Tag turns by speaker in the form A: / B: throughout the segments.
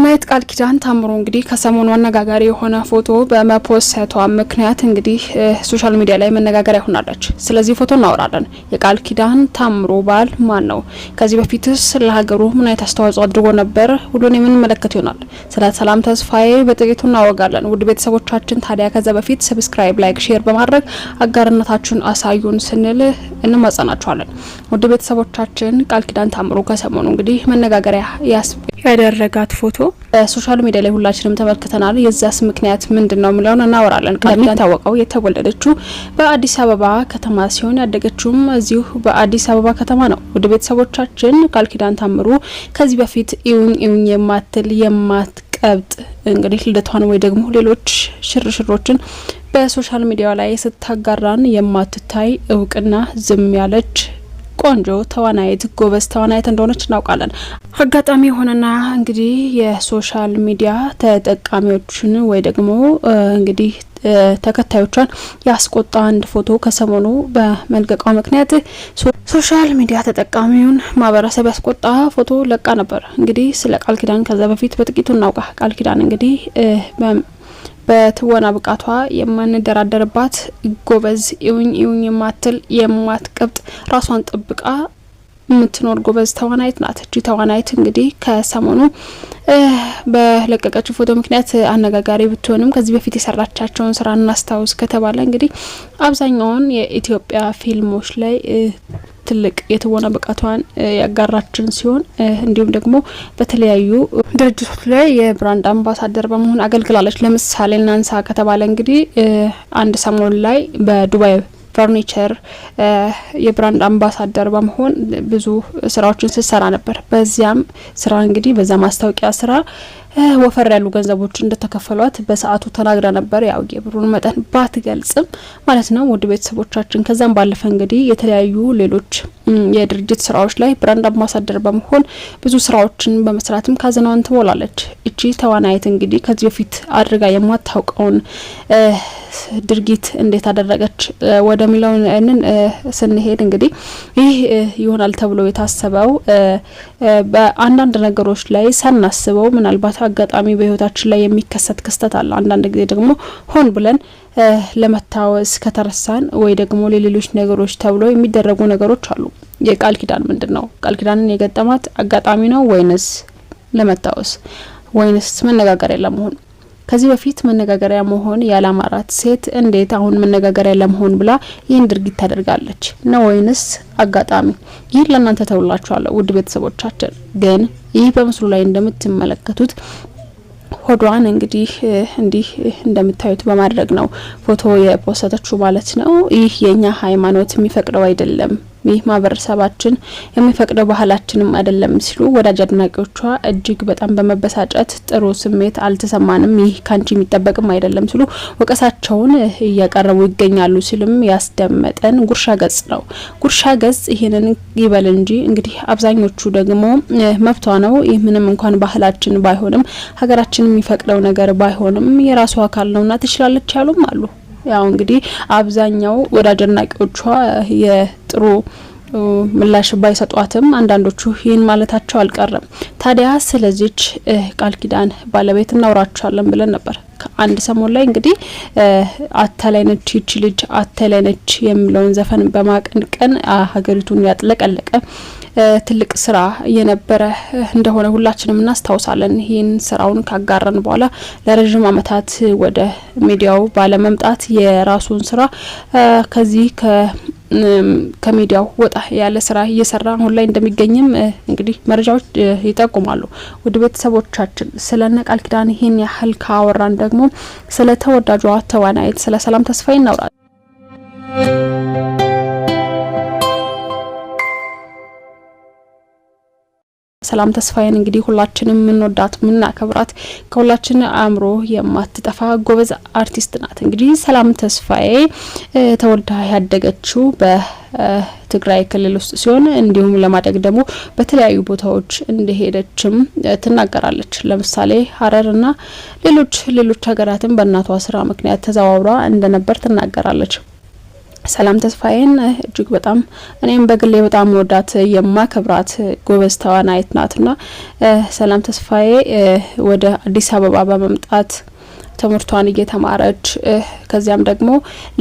A: ተዋናይት ቃል ኪዳን ታምሮ እንግዲህ ከሰሞኑ አነጋጋሪ የሆነ ፎቶ በመፖሰቷ ምክንያት እንግዲህ ሶሻል ሚዲያ ላይ መነጋገሪያ ሆናለች። ስለዚህ ፎቶ እናወራለን። የቃል ኪዳን ታምሮ ባል ማን ነው? ከዚህ በፊትስ ለሀገሩ ምን አይነት አስተዋጽኦ አድርጎ ነበር? ሁሉን የምንመለከት ይሆናል። ስለ ሰላም ተስፋዬ በጥቂቱ እናወጋለን። ውድ ቤተሰቦቻችን ታዲያ ከዛ በፊት ሰብስክራይብ፣ ላይክ፣ ሼር በማድረግ አጋርነታችሁን አሳዩን ስንል እንማጸናችኋለን። ውድ ቤተሰቦቻችን ቃል ኪዳን ታምሮ ከሰሞኑ እንግዲህ መነጋገሪያ ያደረጋት ፎቶ በሶሻል ሚዲያ ላይ ሁላችንም ተመልክተናል። የዛስ ምክንያት ምንድን ነው የሚለውን እናወራለን። እንደሚታወቀው የተወለደችው በአዲስ አበባ ከተማ ሲሆን ያደገችውም እዚሁ በአዲስ አበባ ከተማ ነው። ውድ ቤተሰቦቻችን ቃል ኪዳን ታምሩ ከዚህ በፊት ኢውኝ ኢውኝ የማትል የማትቀብጥ እንግዲህ ልደቷን ወይ ደግሞ ሌሎች ሽርሽሮችን በሶሻል ሚዲያ ላይ ስታጋራን የማትታይ እውቅና ዝም ያለች ቆንጆ ተዋናይት ጎበዝ ተዋናይት እንደሆነች እናውቃለን። አጋጣሚ የሆነና እንግዲህ የሶሻል ሚዲያ ተጠቃሚዎችን ወይ ደግሞ እንግዲህ ተከታዮቿን ያስቆጣ አንድ ፎቶ ከሰሞኑ በመልቀቋ ምክንያት ሶሻል ሚዲያ ተጠቃሚውን ማህበረሰብ ያስቆጣ ፎቶ ለቃ ነበር። እንግዲህ ስለ ቃል ኪዳን ከዛ በፊት በጥቂቱ እናውቃ። ቃል ኪዳን እንግዲህ በትወና ብቃቷ የማንደራደርባት ጎበዝ ኢውኝ ኢውኝ የማትል የማትቀብጥ ራሷን ጠብቃ የምትኖር ጎበዝ ተዋናይት ናት። እቺ ተዋናይት እንግዲህ ከሰሞኑ በለቀቀችው ፎቶ ምክንያት አነጋጋሪ ብትሆንም ከዚህ በፊት የሰራቻቸውን ስራ እናስታውስ ከተባለ እንግዲህ አብዛኛውን የኢትዮጵያ ፊልሞች ላይ ትልቅ የትወና ብቃቷን ያጋራችን ሲሆን እንዲሁም ደግሞ በተለያዩ ድርጅቶች ላይ የብራንድ አምባሳደር በመሆን አገልግላለች። ለምሳሌ እናንሳ ከተባለ እንግዲህ አንድ ሰሞን ላይ በዱባይ ፈርኒቸር የብራንድ አምባሳደር በመሆን ብዙ ስራዎችን ስትሰራ ነበር። በዚያም ስራ እንግዲህ በዛ ማስታወቂያ ስራ ወፈር ያሉ ገንዘቦች እንደተከፈሏት በሰዓቱ ተናግራ ነበር። ያው የብሩን መጠን ባትገልጽም ማለት ነው ውድ ቤተሰቦቻችን። ከዛም ባለፈ እንግዲህ የተለያዩ ሌሎች የድርጅት ስራዎች ላይ ብራንድ አምባሳደር በመሆን ብዙ ስራዎችን በመስራትም ካዝናዋን ትሞላለች። እቺ ተዋናይት እንግዲህ ከዚህ በፊት አድርጋ የማታውቀውን ድርጊት እንዴት አደረገች ወደሚለውንን ስንሄድ እንግዲህ ይህ ይሆናል ተብሎ የታሰበው በአንዳንድ ነገሮች ላይ ሳናስበው ምናልባት አጋጣሚ በህይወታችን ላይ የሚከሰት ክስተት አለ። አንዳንድ ጊዜ ደግሞ ሆን ብለን ለመታወስ ከተረሳን ወይ ደግሞ ለሌሎች ነገሮች ተብሎ የሚደረጉ ነገሮች አሉ። የቃል ኪዳን ምንድን ነው? ቃል ኪዳንን የገጠማት አጋጣሚ ነው ወይንስ ለመታወስ ወይንስ መነጋገር ለመሆን ከዚህ በፊት መነጋገሪያ መሆን ያላማራት ሴት እንዴት አሁን መነጋገሪያ ለመሆን ብላ ይህን ድርጊት ታደርጋለች? ነው ወይንስ አጋጣሚ? ይህን ለእናንተ ተውላችኋለሁ ውድ ቤተሰቦቻችን። ግን ይህ በምስሉ ላይ እንደምትመለከቱት ሆዷን እንግዲህ እንዲህ እንደምታዩት በማድረግ ነው ፎቶ የፖሰተችው ማለት ነው። ይህ የእኛ ሃይማኖት የሚፈቅደው አይደለም ይህ ማህበረሰባችን የሚፈቅደው ባህላችንም አይደለም ሲሉ ወዳጅ አድናቂዎቿ እጅግ በጣም በመበሳጨት ጥሩ ስሜት አልተሰማንም፣ ይህ ካንቺ የሚጠበቅም አይደለም ሲሉ ወቀሳቸውን እያቀረቡ ይገኛሉ ሲልም ያስደመጠን ጉርሻ ገጽ ነው። ጉርሻ ገጽ ይህንን ይበል እንጂ እንግዲህ አብዛኞቹ ደግሞ መብቷ ነው። ይህ ምንም እንኳን ባህላችን ባይሆንም ሀገራችን የሚፈቅደው ነገር ባይሆንም የራሱ አካል ነውና ትችላለች ያሉም አሉ። ያው እንግዲህ አብዛኛው ወዳጅ አድናቂዎቿ የጥሩ ምላሽ ባይሰጧትም አንዳንዶቹ ይህን ማለታቸው አልቀረም። ታዲያ ስለዚች ቃል ኪዳን ባለቤት እናውራቸዋለን ብለን ነበር። ከአንድ ሰሞን ላይ እንግዲህ አተላይነች ይቺ ልጅ አተላይነች የሚለውን ዘፈን በማቀንቀን ሀገሪቱን ያጥለቀለቀ ትልቅ ስራ የነበረ እንደሆነ ሁላችንም እናስታውሳለን። ይህን ስራውን ካጋረን በኋላ ለረዥም ዓመታት ወደ ሚዲያው ባለመምጣት የራሱን ስራ ከዚህ ከሚዲያው ወጣ ያለ ስራ እየሰራ አሁን ላይ እንደሚገኝም እንግዲህ መረጃዎች ይጠቁማሉ። ውድ ቤተሰቦቻችን ስለነ ቃል ኪዳን ይህን ያህል ካወራን ደግሞ ስለ ተወዳጇ ተዋናይት ስለ ሰላም ተስፋዬ እናውራለን። ሰላም ተስፋዬን እንግዲህ ሁላችንም የምንወዳት የምናከብራት ከሁላችን አእምሮ የማትጠፋ ጎበዝ አርቲስት ናት። እንግዲህ ሰላም ተስፋዬ ተወልዳ ያደገችው በትግራይ ክልል ውስጥ ሲሆን እንዲሁም ለማደግ ደግሞ በተለያዩ ቦታዎች እንደሄደችም ትናገራለች። ለምሳሌ ሀረርና ሌሎች ሌሎች ሀገራትም በእናቷ ስራ ምክንያት ተዘዋውራ እንደነበር ትናገራለች። ሰላም ተስፋዬን እጅግ በጣም እኔም በግሌ በጣም ወዳት የማከብራት ጎበዝ ተዋናይት ናትና ሰላም ተስፋዬ ወደ አዲስ አበባ በመምጣት ትምህርቷን እየተማረች ከዚያም ደግሞ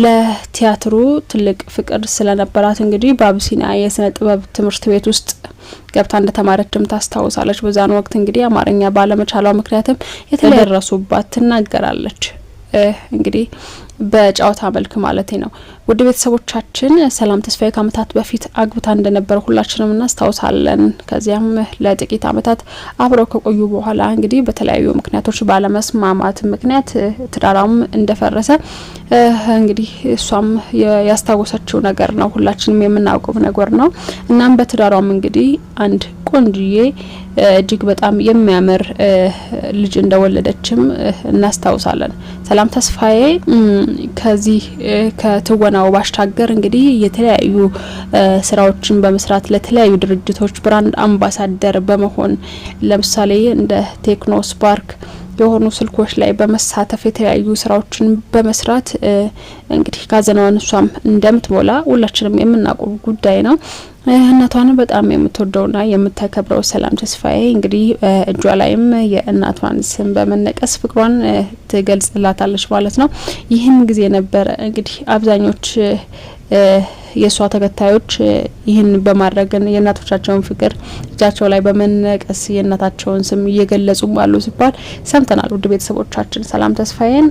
A: ለቲያትሩ ትልቅ ፍቅር ስለነበራት እንግዲህ በአብሲና የስነ ጥበብ ትምህርት ቤት ውስጥ ገብታ እንደተማረችም ታስታውሳለች። በዛን ወቅት እንግዲህ አማርኛ ባለመቻሏ ምክንያትም የተደረሱባት ትናገራለች። እንግዲህ በጨዋታ መልክ ማለት ነው። ውድ ቤተሰቦቻችን ሰላም ተስፋዬ ከአመታት በፊት አግብታ እንደነበረ ሁላችንም እናስታውሳለን። ከዚያም ለጥቂት አመታት አብረው ከቆዩ በኋላ እንግዲህ በተለያዩ ምክንያቶች ባለመስማማት ምክንያት ትዳራም እንደፈረሰ እንግዲህ እሷም ያስታወሰችው ነገር ነው፣ ሁላችንም የምናውቀው ነገር ነው። እናም በትዳሯም እንግዲህ አንድ ቆንጅዬ እጅግ በጣም የሚያምር ልጅ እንደወለደችም እናስታውሳለን። ሰላም ተስፋዬ ከዚህ ከትወና ነው ባሻገር እንግዲህ የተለያዩ ስራዎችን በመስራት ለተለያዩ ድርጅቶች ብራንድ አምባሳደር በመሆን ለምሳሌ እንደ ቴክኖ ስፓርክ የሆኑ ስልኮች ላይ በመሳተፍ የተለያዩ ስራዎችን በመስራት እንግዲህ ካዘናዋን እሷም እንደምትሞላ ሁላችንም የምናውቀው ጉዳይ ነው። እናቷን በጣም የምትወደውና የምታከብረው ሰላም ተስፋዬ እንግዲህ እጇ ላይም የእናቷን ስም በመነቀስ ፍቅሯን ትገልጽላታለች ማለት ነው። ይህን ጊዜ ነበረ እንግዲህ አብዛኞች የእሷ ተከታዮች ይህን በማድረግን የእናቶቻቸውን ፍቅር እጃቸው ላይ በመነቀስ የእናታቸውን ስም እየገለጹ አሉ ሲባል ሰምተናል። ውድ ቤተሰቦቻችን ሰላም ተስፋዬን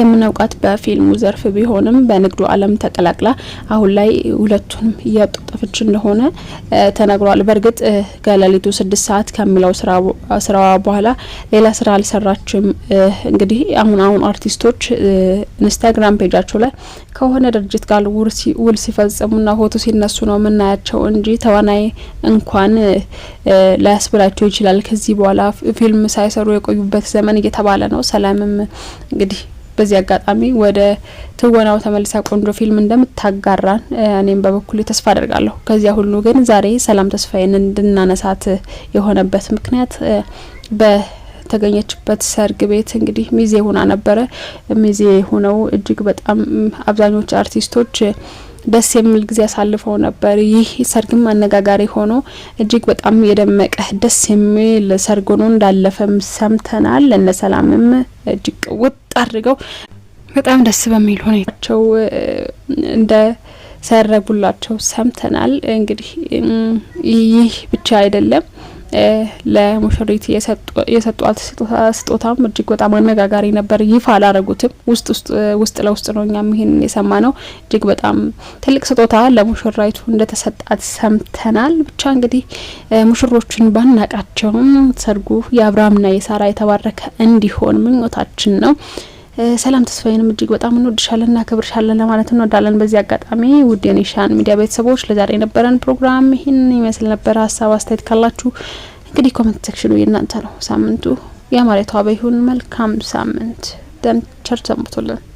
A: የምናውቃት በፊልሙ ዘርፍ ቢሆንም በንግዱ ዓለም ተቀላቅላ አሁን ላይ ሁለቱንም እያጣጠፈች እንደሆነ ተነግሯል። በእርግጥ ከሌሊቱ ስድስት ሰዓት ከሚለው ስራዋ በኋላ ሌላ ስራ አልሰራችም። እንግዲህ አሁን አሁን አርቲስቶች ኢንስታግራም ፔጃቸው ላይ ከሆነ ድርጅት ጋር ውል ሲፈጽሙና ፎቶ ሲነሱ ነው የምናያቸው እንጂ ተዋናይ እንኳን ላያስብላቸው ይችላል። ከዚህ በኋላ ፊልም ሳይሰሩ የቆዩበት ዘመን እየተባለ ነው። ሰላምም እንግዲህ በዚህ አጋጣሚ ወደ ትወናው ተመልሳ ቆንጆ ፊልም እንደምታጋራን እኔም በበኩል ተስፋ አደርጋለሁ። ከዚያ ሁሉ ግን ዛሬ ሰላም ተስፋዬን እንድናነሳት የሆነበት ምክንያት በተገኘችበት ሰርግ ቤት እንግዲህ ሚዜ ሁና ነበረ። ሚዜ ሁነው እጅግ በጣም አብዛኞቹ አርቲስቶች ደስ የሚል ጊዜ አሳልፈው ነበር። ይህ ሰርግም አነጋጋሪ ሆኖ እጅግ በጣም የደመቀ ደስ የሚል ሰርግ ሆኖ እንዳለፈም ሰምተናል። እነ ሰላምም እጅግ ውጥ አድርገው በጣም ደስ በሚል ሁኔታቸው እንደ ሰረጉላቸው ሰምተናል። እንግዲህ ይህ ብቻ አይደለም። ለሙሽሪት የሰጧት ስጦታም እጅግ በጣም አነጋጋሪ ነበር። ይፋ አላረጉትም። ውስጥ ውስጥ ለውስጥ ነው እኛም ይሄንን የሰማ ነው። እጅግ በጣም ትልቅ ስጦታ ለሙሽራይቱ እንደተሰጣት ሰምተናል። ብቻ እንግዲህ ሙሽሮችን ባናቃቸውም ሰርጉ የአብርሃምና የሳራ የተባረከ እንዲሆን ምኞታችን ነው። ሰላም ተስፋዬንም እጅግ በጣም እንወድሻለን እናከብርሻለን ለማለት እንወዳለን። በዚህ አጋጣሚ ውድ የኒሻን ሚዲያ ቤተሰቦች ለዛሬ የነበረን ፕሮግራም ይህን ይመስል ነበረ። ሀሳብ አስተያየት ካላችሁ እንግዲህ ኮመንት ሴክሽኑ የእናንተ ነው። ሳምንቱ የአማርያ ተዋበ ይሁን። መልካም ሳምንት ደም ቸር ሰንብቱልን።